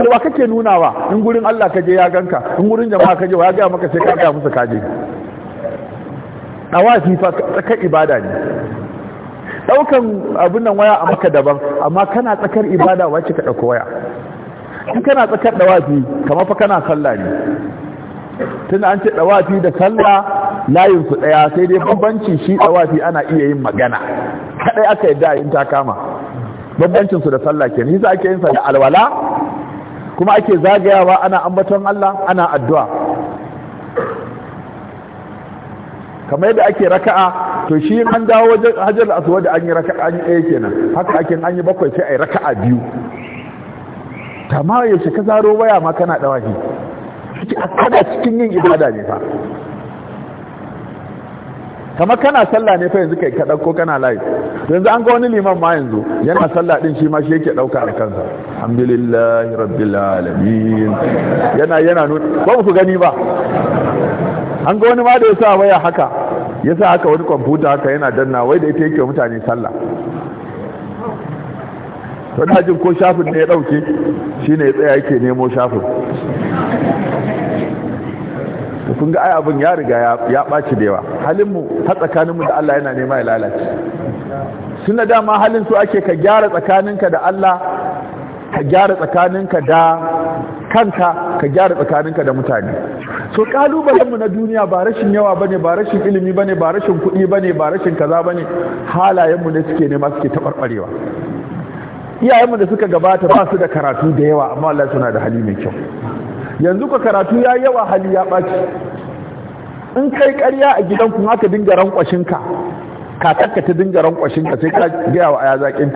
to wa kake nunawa in gurin Allah ka je ya ganka in gurin jama'a je wa ya ga maka sai ka ga musu je Ɗawafi fa tsakar ibada ne ɗaukan abin nan waya a maka daban amma kana tsakar ibada wace ka ɗauka waya in kana tsakar ɗawafi kamar fa kana sallah ne tun an ce ɗawafi da sallah layin su daya sai dai bambanci shi ɗawafi ana iya yin magana kadai aka yadda in ta kama bambancin su da sallah kenan yasa ake yin sa da alwala kuma ake zagayawa ana ambaton Allah ana addu'a kamar yadda ake raka'a to shi an dawo wajen hajjar aswad an yi raka'a an yi ɗaya kenan haka ake an yi bakwai sai a yi raka'a biyu kama yaushe ka zaro waya ma kana a Kada cikin yin ibada ne fa kama kana sallah ne fa yanzu kai ka dauko kana live yanzu an ga wani liman ma yanzu yana sallah din shi ma shi yake dauka a kansa alhamdulillahi rabbil alamin yana yana nuna ba mu gani ba an ga wani ma da ya sa waya haka ya sa haka wani kwamfuta haka yana danna wai da ita yake mutane sallah wani jin ko shafin ne ya ɗauke shi ne ya tsaya yake nemo shafin kun ga ayabin ya riga ya ɓaci da yawa halinmu har tsakaninmu da Allah yana nema ya lalace suna dama halin su ake ka gyara tsakaninka da Allah ka gyara tsakaninka da kanka ka gyara tsakaninka da mutane so kalubalenmu na duniya ba rashin yawa bane ba rashin ilimi bane ba rashin kuɗi bane ba rashin kaza bane halayenmu ne suke nema suke taɓarɓarewa iyayenmu da suka gabata ba su da karatu da yawa amma Allah suna da hali mai kyau yanzu ka karatu ya yawa hali ya ɓaci in kai karya a gidan gidanku haka dinga rankwashinka kakarka ta dinga rankwashin ka sai ka gaya wa aya in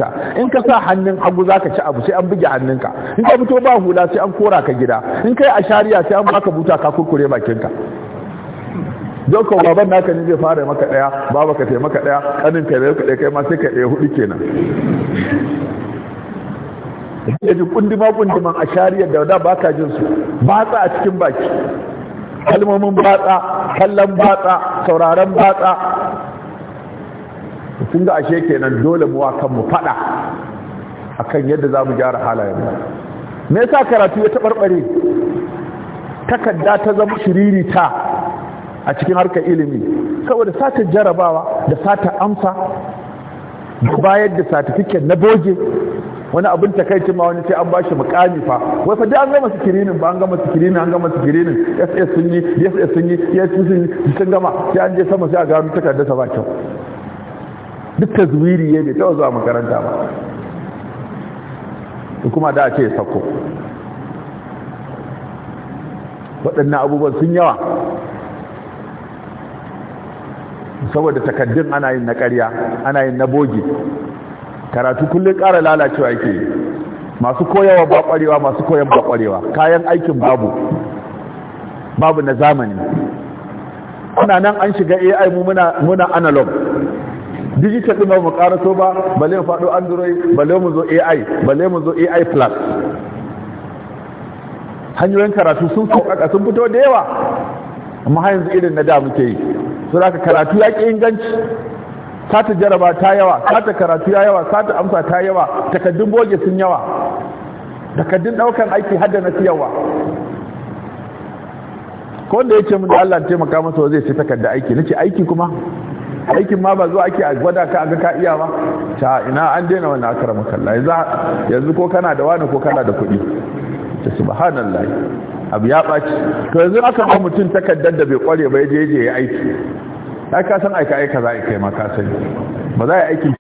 ka sa hannun hagu zaka ci abu sai an buge hannun ka. in ka fito ba hula sai an kora ka gida in kai ashariya sai an baka buta ka kurkure ka don ka baban naka ne zai fara maka daya baba ka taimaka daya kanin ka yau kaɗai kai ma sai ka ɗaya hudu kenan ya ji kundima kundiman a shariyar da da baka jin su batsa a cikin baki kalmomin batsa kallon batsa sauraron batsa kun ga ashe kenan dole muwa kan mu fada akan yadda za mu gyara halayen mu me yasa karatu ya tabarbare takarda ta zama shiririta a cikin harkar ilimi saboda sata jarabawa da satar amsa da bayar da satifiket na boge wani abin takaicin ma wani sai an ba shi mukami fa wai fa an gama sikirinin ba an gama sikirinin an gama sikirinin ss sun yi ss sun yi ss sun yi sun gama sai an je sama sai a gano takardar sa ba kyau duk tazwiri ya bai taɓa zuwa makaranta ba da kuma da ce sako waɗannan abubuwan sun yawa saboda takaddun ana yin na ƙarya ana yin na bogi karatu kullum ƙara lalacewa yake masu koyawa ba ƙwarewa masu koyan ba ƙwarewa kayan aikin babu babu na zamani Kuna nan an shiga ai mu muna analog digital din ba mu karato ba bale mu faɗo android bale mu zo ai bale mu zo ai plus hanyoyin karatu sun sauƙaƙa sun fito da yawa amma har yanzu irin na da muke yi so da karatu ya ƙi inganci sata jaraba ta yawa sata karatu ya yawa sata amsa ta yawa takaddun boge sun yawa takaddun ɗaukar aiki hadda na siyarwa ko da ya ce mun da Allah taimaka masa zai sai takarda aiki nace aiki kuma aikin ma ba zo ake gwada ka aga ka iya ba ta ina an daina wannan akara makalla yanzu ko kana da wani ko kana da kuɗi ta subhanallah abu ya ɓaci to yanzu aka ba mutum takardar da bai kware ba ya je ya aiki ai ka san aika aika za a kai ma ka sani ba za a yi aikin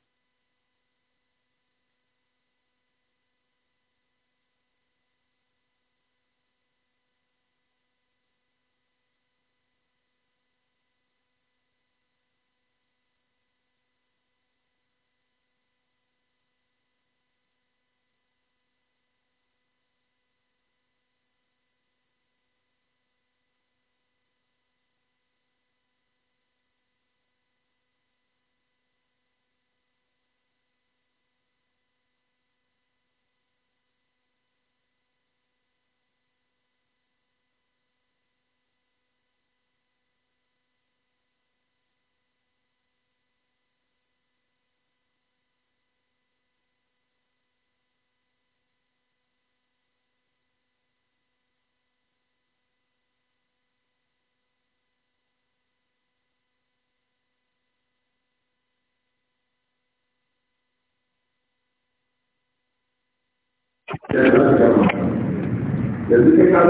yanzu kai ka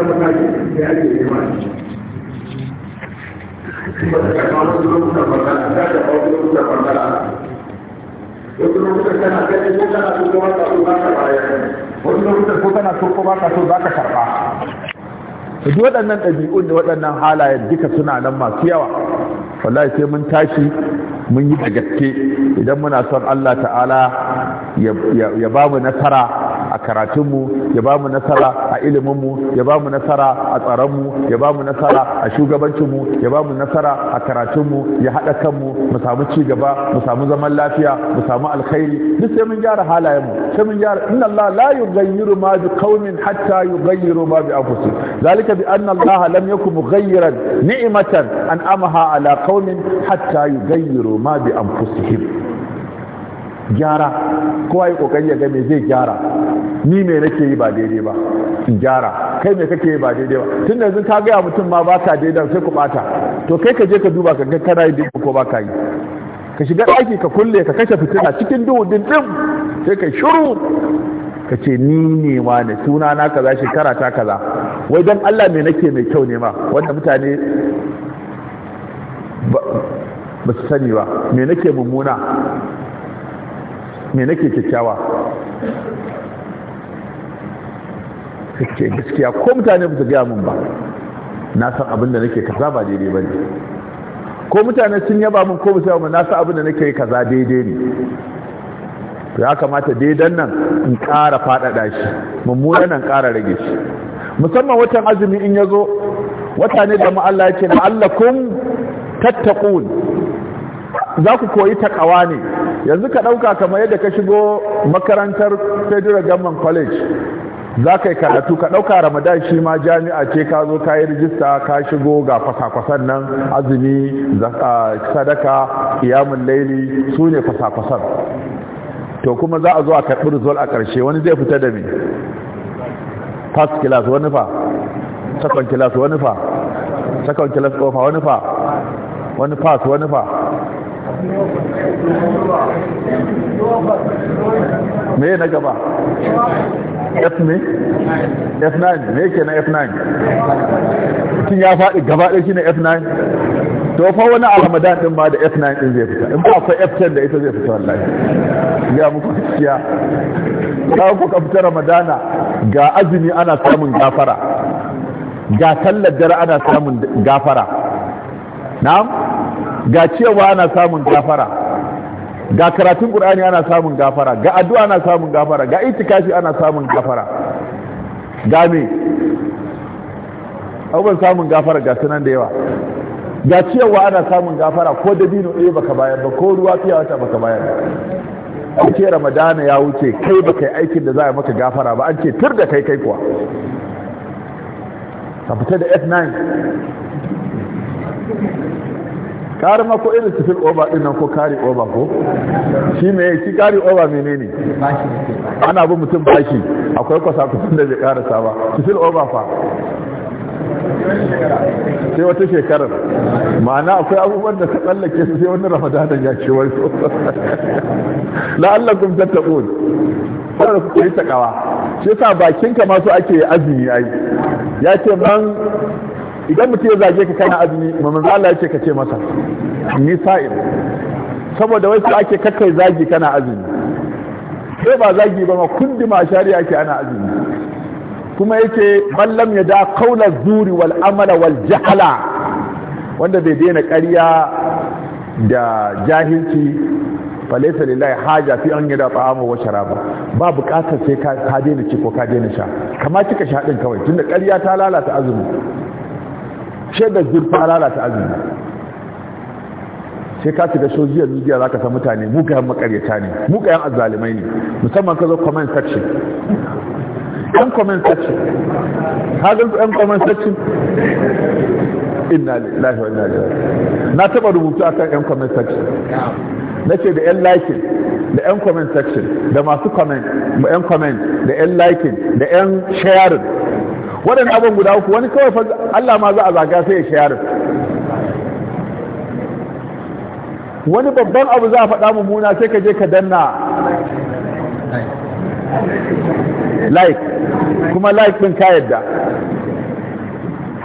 kawo wasu ko so ko baka so wasu lokutan waɗannan ɗabi'un da waɗannan halayen duka suna nan masu yawa wallahi sai mun tashi mun yi da gaske idan muna son Allah ta'ala ya ba nasara karatunmu ya ba mu nasara a iliminmu ya ba mu nasara a tsaronmu ya ba mu nasara a shugabancinmu ya ba mu nasara a karatunmu ya haɗa kanmu mu samu ci gaba mu samu zaman lafiya mu samu alkhairi duk sai mun gyara halayenmu sai mun gyara inna Allah la yughayyiru ma bi qaumin hatta yughayyiru ma bi anfusihim zalika bi anna Allah lam yakun mughayyiran ni'matan an'amaha ala qaumin hatta yughayyiru ma bi anfusihim gyara kowa yi kokari ya ga me zai gyara ni me nake yi ba daidai ba in gyara kai me kake yi ba daidai ba tun da yanzu ka gaya mutum ma ba ka daidai sai ku bata to kai ka je ka duba ka ga kana yi ko ba ka yi ka shiga ɗaki ka kulle ka kashe fitina cikin duhu din din sai ka shiru ka ce ni ne ma ne suna na kaza shekara ta kaza wai don Allah me nake mai kyau ne ma wanda mutane ba su sani ba me nake mummuna me nake kyakkyawa suke gaskiya ko mutane ba su gaya mun ba na san abin da nake kaza ba daidai ba ne ko mutane sun yaba mun ko musu na san abin da nake kaza daidai ne ya kamata daidan nan in ƙara faɗaɗa shi mummunan nan ƙara rage shi musamman watan azumi in ya zo wata ne da mu Allah ya ce la'allakum tattaqun za ku koyi takawa ne yanzu ka ɗauka kamar yadda ka shigo makarantar federal government college za ka yi karatu ka ɗauka ramadan shi ma jami'a ce ka zo ka yi rijista ka shigo ga fasakwasan nan azumi sadaka iyamun laili su ne fasakwasan. to kuma za a zo a karɓi result a ƙarshe wani zai fita da me first class wani fa second class wani fa second class wani fa wani pass wani fa me na gaba f ne f9 me ke na f9 mutum ya faɗi gaba ɗaya shi ne f9 to fa wani alhamadan ɗin ma da f9 ɗin zai fita in ba akwai f10 da ita zai fita wallahi ya muku gaskiya ta kuka fita ramadana ga azumi ana samun gafara ga sallar dare ana samun gafara na'am ga cewa ana samun gafara ga karatun ƙur'ani ana samun gafara ga addu'a ana samun gafara ga itikafi ana samun gafara ga me abubuwan samun gafara ga sunan da yawa ga ciyarwa ana samun gafara ko dabino ɗaya eh baka bayar ba ko ruwa fiye wata baka bayar ba ce ramadana ya wuce kai ba kai aikin da za a maka gafara ba an ce tur da kai kai kuwa ka fita da f9 kare ma ko irin cikin oba din nan ko kare oba ko shi me shi kare oba menene ana bin mutum bashi akwai kwasa kusan da bai karasa ba cikin oba fa sai wata shekarar ma'ana akwai abubuwan da ka tsallake su sai wani ramadanan ya ce wai so <laughs> taɓo ne kada ku yi takawa shi yasa bakinka masu ake azumi yi ya ce ban. idan mutum ya zage ka kana azumi manzo Allah ya ka ce masa ni sa'im saboda wai su ake kakkai zagi kana azumi sai ba zagi ba ma kundi ma shari'a ke ana azumi kuma yake ballam ya da kaula zuri wal amala wal jahala wanda bai daina ƙarya da jahilci falaisa lillahi haja fi an yada ta'amu wa sharaba ba bukatar sai ka daina ci ko ka daina sha kama kika sha din kawai tunda ƙarya ta lalata azumi shaidar zurfa lalata azumi sai ka shiga sojiyar media za ka san mutane yan makaryata ne yan azalimai ne musamman ka zo comment section yan comment section hagan yan comment section inna lillahi wa inna ilaihi na taba rubutu akan yan comment section nace da yan liking da yan comment section da masu comment yan comment da yan liking da yan sharing wadanda abin guda uku wani kawai Allah ma za a zaga sai ya shayar wani babban abu za a faɗa mummuna sai ka je ka danna like kuma like ɗin ka yadda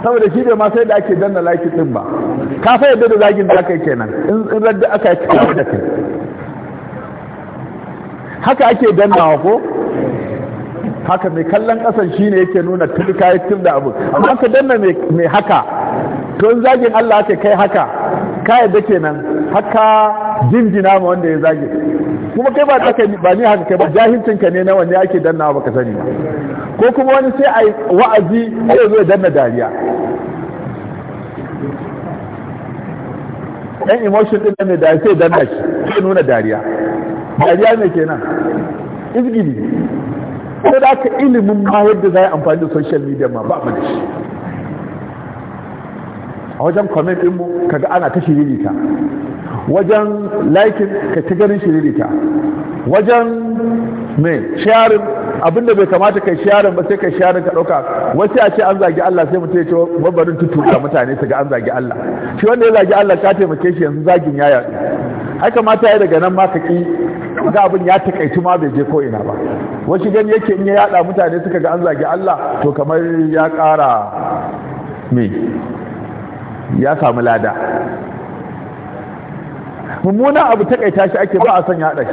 saboda shi bai ma sai da ake danna like ɗin ba ka sai yadda da zagin da aka yi kenan in radda aka yi da kai haka ake dannawa ko haka mai kallon kasan shine yake nuna tilka ya da abu amma ka danna mai haka to zagin Allah ake kai haka da ke kenan haka jinjina ma wanda ya zage kuma kai ba kai ba ni haka kai ba jahilcin ka ne na wanne ake danna ba ka sani ko kuma wani sai ai wa'azi sai zo danna dariya yan emotion din ne da sai danna shi sai nuna dariya dariya ne kenan izgili ko da ka ilimin ma yadda za a amfani da social media ma ba mu da shi a wajen comment ɗinmu kaga ana ta shiririta wajen laikin ka ci ganin shiririta wajen mai sharin abinda bai kamata kai sharin ba sai kai sharin ka dauka wasu a ce an zagi Allah sai mutum ya ce babbarin ga mutane su ga an zagi Allah shi wanda ya zagi Allah ka taimake shi yanzu zagin ya yaɗu haka mata ya daga nan ma ka ki ga abin ya takaitu ma bai je ko ina ba wasu gani yake in ya yada mutane suka ga an zagi Allah to kamar ya ƙara me ya samu lada Mummuna abu takaita shi ake ba a son yaɗa shi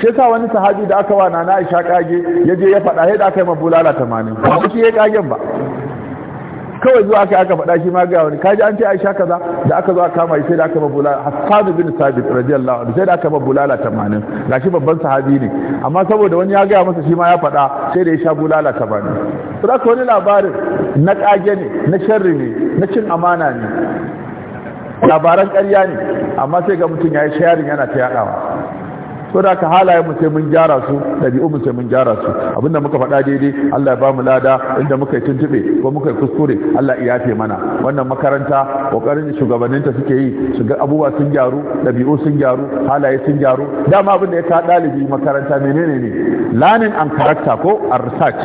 shi yasa wani sahabi da aka wa nana Aisha kage ya je ya faɗa sai da aka yi ma mabulala 80 ba shi ya kagen ba kawai zuwa aka aka faɗa shi ma ga wani kaji an ce Aisha kaza da aka zo aka kama sai da aka bulala Hassan bin Sabit radiyallahu anhu sai da aka ma mabulala Ga gashi babban sahabi ne amma saboda wani ya ga masa shi ma ya faɗa sai da ya sha bulala 80 saboda wani labarin na kage ne na sharri ne na cin amana ne labaran ƙarya ne amma sai ga mutum ya yi sharing yana ta yaɗawa Ko da ka halaye mu sai mun gyara su dabi'u mu sai mun gyara su abinda muka faɗa daidai Allah ya ba mu lada inda muka yi tuntube ko muka yi kuskure Allah ya yafe mana wannan makaranta kokarin shugabanninta suke yi su ga abubuwa sun gyaru dabi'u sun gyaru halaye sun gyaru dama abin da ya ka dalibi makaranta menene ne lanin an character ko a research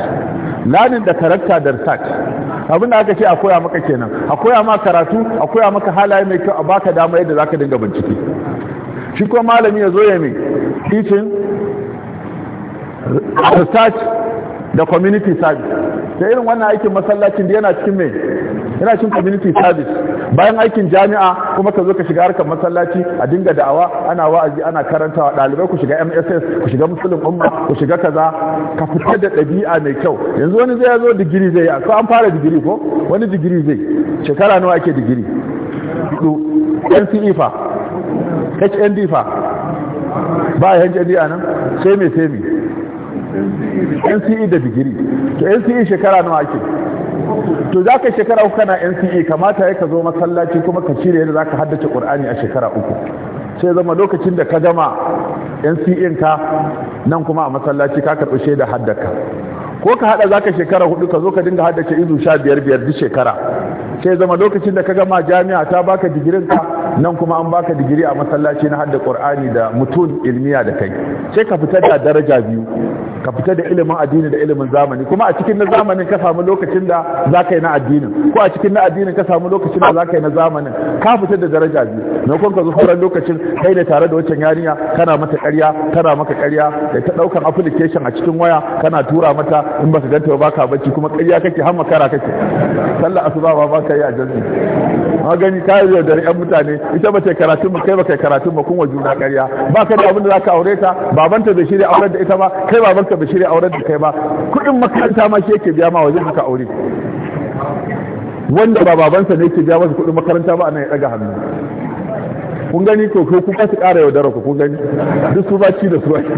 lanin da karakta da research abin da aka ce a koya maka kenan a koya ma karatu a koya maka halaye mai kyau a baka dama yadda zaka dinga bincike shi kuma malami ya zo ya mai teaching research da community service da irin wannan aikin masallacin da yana cikin mai yana cikin community service bayan aikin jami'a kuma ka zo ka shiga harkar masallaci a dinga da'awa ana wa'azi ana karantawa ɗalibai ku shiga mss ku shiga musulun umma ku shiga kaza ka fita da ɗabi'a mai kyau yanzu wani zai zo digiri zai yi ko an fara digiri ko wani digiri zai shekara nawa ake digiri hudu nce fa hnd fa ba hajji a nan sai mai sai mai nce da digiri to nce shekara nawa ake to za ka shekara uku kana nce kamata ya ka zo masallaci kuma ka cire yadda za ka haddace ƙur'ani a shekara uku sai zama lokacin da ka gama nce ka nan kuma a masallaci ka karɓi shaida haddaka ko ka hada ka shekara hudu ka zo ka dinga haddace izu sha biyar biyar duk shekara sai zama lokacin da ka gama jami'a ta baka digirin ka nan kuma an baka digiri a masallaci na hadda qur'ani da mutun ilmiya da kai sai ka fitar da daraja biyu ka fita da ilimin addini da ilimin zamani kuma a cikin na zamanin ka samu lokacin da za ka yi na addinin ko a cikin na addinin ka samu lokacin da za ka yi na zamanin ka fita da daraja biyu na kun ka zo lokacin kai da tare da wancan yarinya kana mata ƙarya kana maka ƙarya da ta ɗaukan application a cikin waya kana tura mata in ba ka ganta ba ka bacci kuma ƙarya kake har makara kake sallah asuba ba ba ka yi a jami'a. ha gani ka yi da yan mutane ita ba ta kai ba kai karatun ba kun wa juna ƙarya ba ka da abin da zaka aure ta babanta bai shirya aure da ita ba kai babanka bai shirya aure da kai ba kuɗin makaranta ma shi yake biya ma wajen haka aure wanda ba babansa ne yake biya masa kuɗin makaranta ba nan ya ɗaga hannu kun gani to ko kuma su ƙara yaudara ku kun gani duk su baci da su baci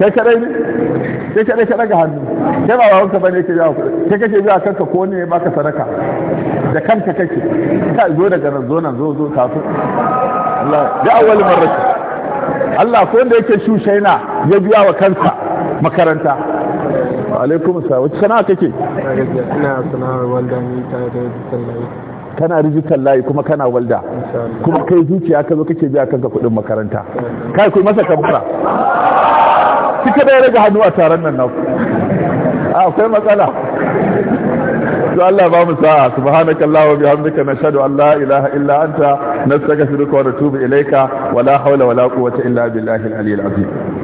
kai kadai ne kai kadai kadai ga hannu kai ba wanka bane yake jawo kuɗi kai kake biya kanka ko ne baka sadaka da kanka kake ka zo daga nan zo nan zo zo tafi Allah ya awwal marrati Allah ko wanda yake shushaina ya biya wa kansa makaranta alaikum assalam wace sana'a kake ina sana'ar wanda ni ta da tallafi kana rijikan layi kuma kana walda kuma kai zuciya ka zo kake biya kanka kuɗin makaranta kai kuma masa kamfara kika da rage hannu a taron nan naku akwai matsala to Allah ba mu sa'a subhanakallahu wa bihamdika nashhadu an la ilaha illa anta nastaghfiruka wa natubu ilayka wala hawla wala quwwata illa billahi al-aliyyil azim